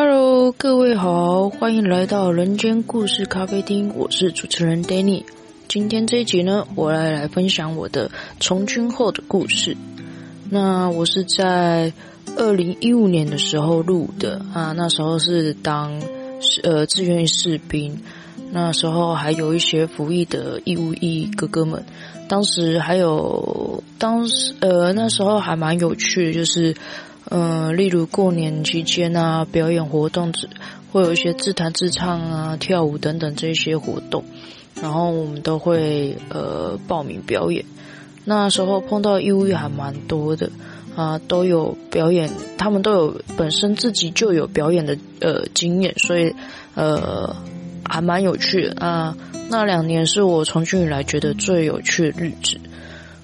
哈嘍，各位好，歡迎來到人間故事咖啡廳。我是主持人 Danny。今天這一集呢，我來來分享我的從軍後的故事。那我是在二零一五年的時候錄的啊，那時候是當呃志願士兵，那時候還有一些服役的義務役哥哥們。當時還有當時呃那時候還蠻有趣的，就是。嗯、呃，例如過年期間啊，表演活動只會有一些自彈自唱啊、跳舞等等這些活動，然後我們都會呃報名表演。那時候碰到 U E 還蠻多的啊，都有表演，他們都有本身自己就有表演的呃經驗，所以呃還蠻有趣的啊。那兩年是我從軍以來覺得最有趣的日子。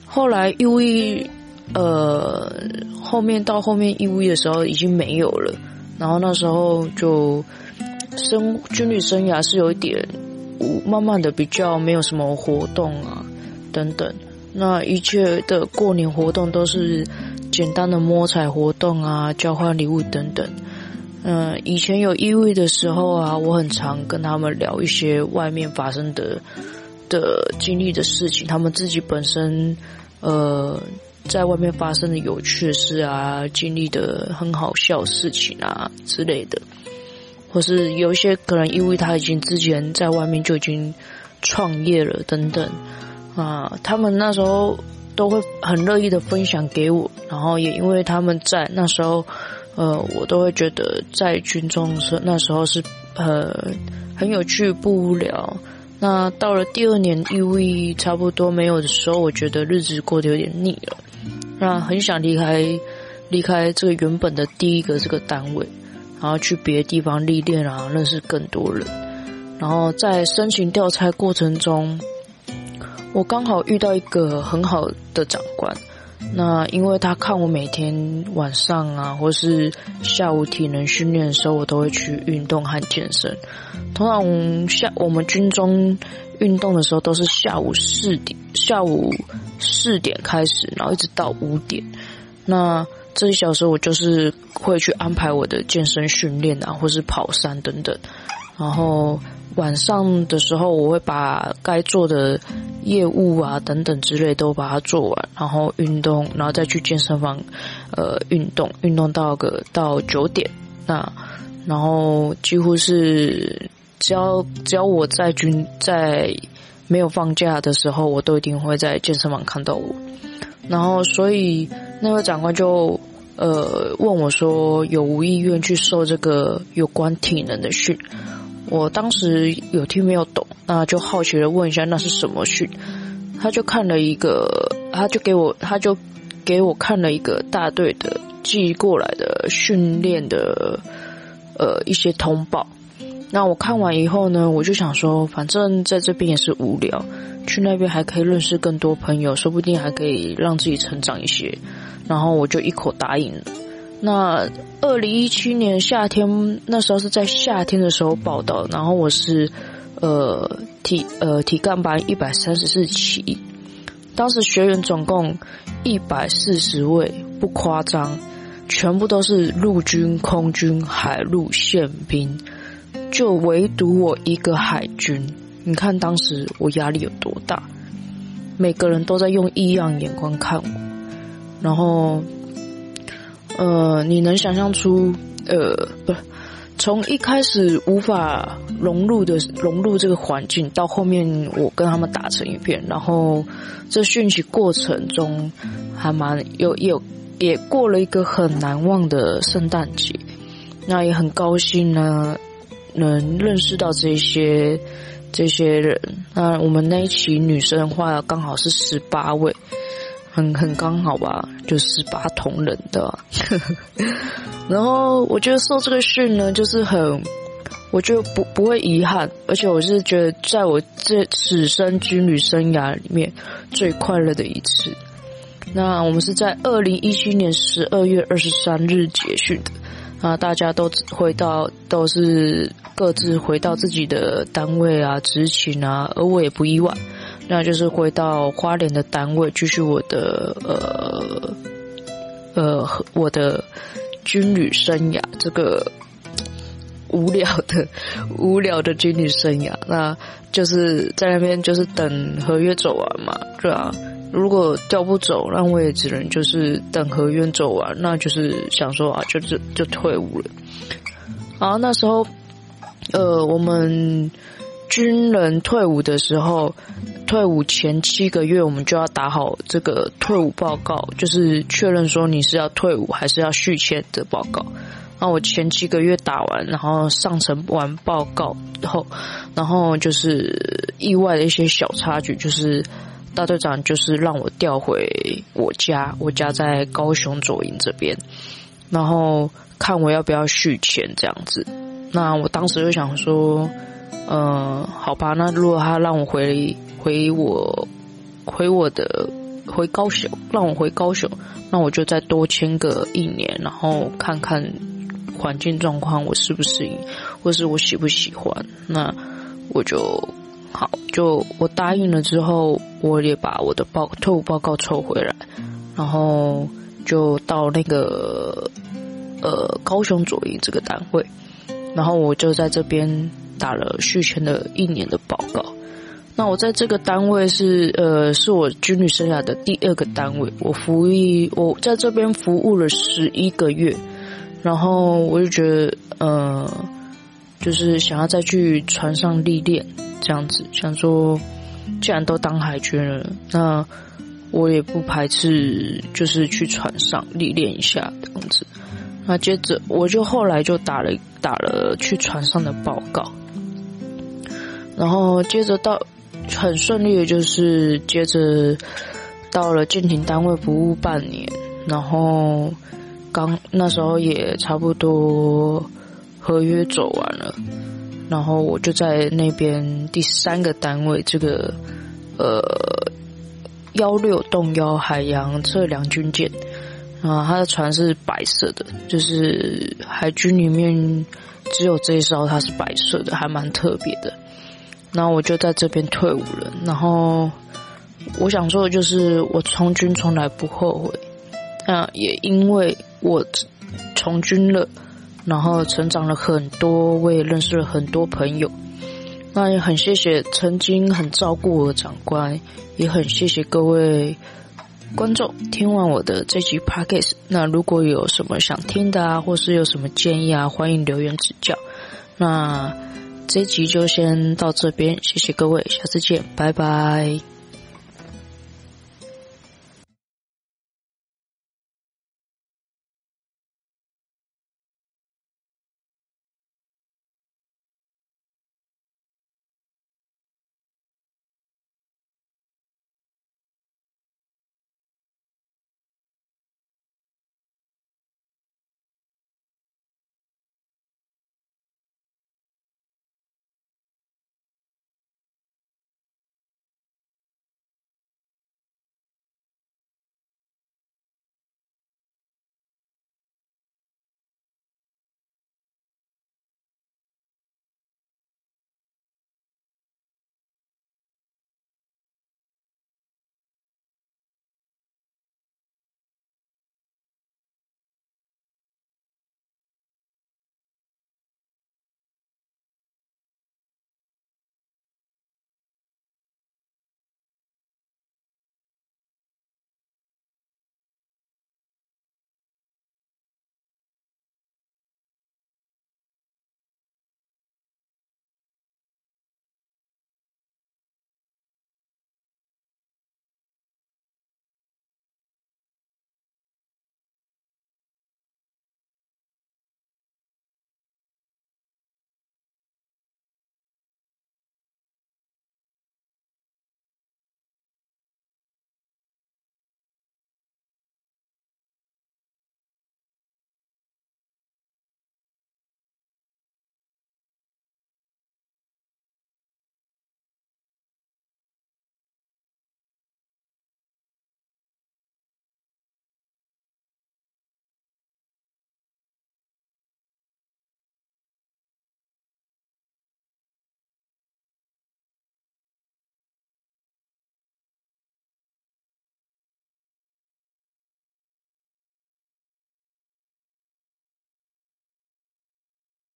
後來 U E。呃，後面到後面義務役的時候已經沒有了，然後那時候就生軍旅生涯是有一點，慢慢的比較沒有什麼活動啊，等等，那一切的過年活動都是簡單的摸彩活動啊，交換禮物等等。嗯、呃，以前有義務役的時候啊，我很常跟他們聊一些外面發生的的經歷的事情，他們自己本身呃。在外面發生的有趣事啊，經歷的很好笑事情啊之類的，或是有一些可能，因為他已經之前在外面就已經創業了等等啊、呃，他們那時候都會很樂意的分享給我，然後也因為他們在那時候，呃，我都會覺得在軍中是那時候是呃很有趣不無聊。那到了第二年，因為差不多沒有的時候，我覺得日子過得有點膩了。那很想離開，離開這個原本的第一個這個單位，然後去別的地方歷練啊，認識更多人。然後在申請調差過程中，我剛好遇到一個很好的長官。那因為他看我每天晚上啊，或是下午體能訓練的時候，我都會去運動和健身。通常下我們軍中運動的時候都是下午四點，下午四點開始，然後一直到五點。那這一小時我就是會去安排我的健身訓練啊，或是跑山等等，然後。晚上的時候，我會把該做的業務啊等等之類都把它做完，然後運動，然後再去健身房，呃，運動運動到個到九點。那然後幾乎是只要只要我在軍在沒有放假的時候，我都一定會在健身房看到我。然後，所以那位長官就呃問我說：“有無意願去受這個有關體能的訓？”我當時有聽沒有懂，那就好奇的問一下那是什麼訓？他就看了一個，他就給我，他就給我看了一個大隊的寄過來的訓練的，呃一些通報。那我看完以後呢，我就想說，反正在這邊也是無聊，去那邊還可以認識更多朋友，說不定還可以讓自己成長一些，然後我就一口答應了。那二零一七年夏天，那時候是在夏天的時候報到，然後我是，呃，體呃體幹班一百三十四期，當時學員總共一百四十位，不誇張，全部都是陸軍、空軍、海陸、憲兵，就唯獨我一個海軍。你看當時我壓力有多大，每個人都在用異樣眼光看我，然後。呃，你能想象出，呃，不，從一開始無法融入的融入這個環境，到後面我跟他們打成一片，然後這訊息過程中還蠻有有也過了一個很難忘的聖誕節，那也很高興呢，能認識到這些這些人。那我們那一期女生的話剛好是十八位。很很剛好吧，就十八銅人的、啊， 然後我覺得受這個訓呢，就是很，我就不不會遺憾，而且我是覺得在我這此生軍旅生涯裡面最快樂的一次。那我們是在二零一七年十二月二十三日結訓的，那大家都回到，都是各自回到自己的單位啊、執勤啊，而我也不意外。那就是回到花蓮的單位，繼續我的呃呃我的軍旅生涯，這個無聊的無聊的軍旅生涯。那就是在那邊，就是等合約走完嘛，對啊。如果調不走，那我也只能就是等合約走完，那就是想說啊，就是就退伍了。好，那時候呃，我們。軍人退伍的時候，退伍前七個月，我們就要打好這個退伍報告，就是確認說你是要退伍還是要續簽的報告。那我前七個月打完，然後上呈完報告後，然後就是意外的一些小插曲，就是大隊長就是讓我調回我家，我家在高雄左營這邊，然後看我要不要續簽這樣子。那我當時就想說。嗯，好吧，那如果他讓我回回我，回我的回高雄，讓我回高雄，那我就再多簽個一年，然後看看環境狀況我適不適應，或是我喜不喜歡。那我就好，就我答應了之後，我也把我的報退伍報告抽回來，然後就到那個呃高雄左營這個單位，然後我就在這邊。打了續簽的一年的報告。那我在這個單位是呃，是我軍旅生涯的第二個單位。我服役，我在這邊服務了十一個月，然後我就覺得，呃，就是想要再去船上歷練，這樣子。想說，既然都當海軍了，那我也不排斥，就是去船上歷練一下這樣子。那接着，我就後來就打了打了去船上的報告。然後接着到，很順利的就是接着到了艦艇單位服務半年，然後剛那時候也差不多合約走完了，然後我就在那邊第三個單位，這個呃幺六洞幺海洋測量軍艦啊，它的船是白色的，就是海軍裡面只有這一艘它是白色的，還蠻特別的。那我就在這邊退伍了。然後我想說的就是，我從軍從來不後悔。那也因為我從軍了，然後成長了很多，我也認識了很多朋友。那也很謝謝曾經很照顧我的長官，也很謝謝各位觀眾聽完我的這集 Podcast。那如果有什麼想聽的啊，或是有什麼建議啊，歡迎留言指教。那。這一集就先到這邊，謝謝各位，下次見，拜拜。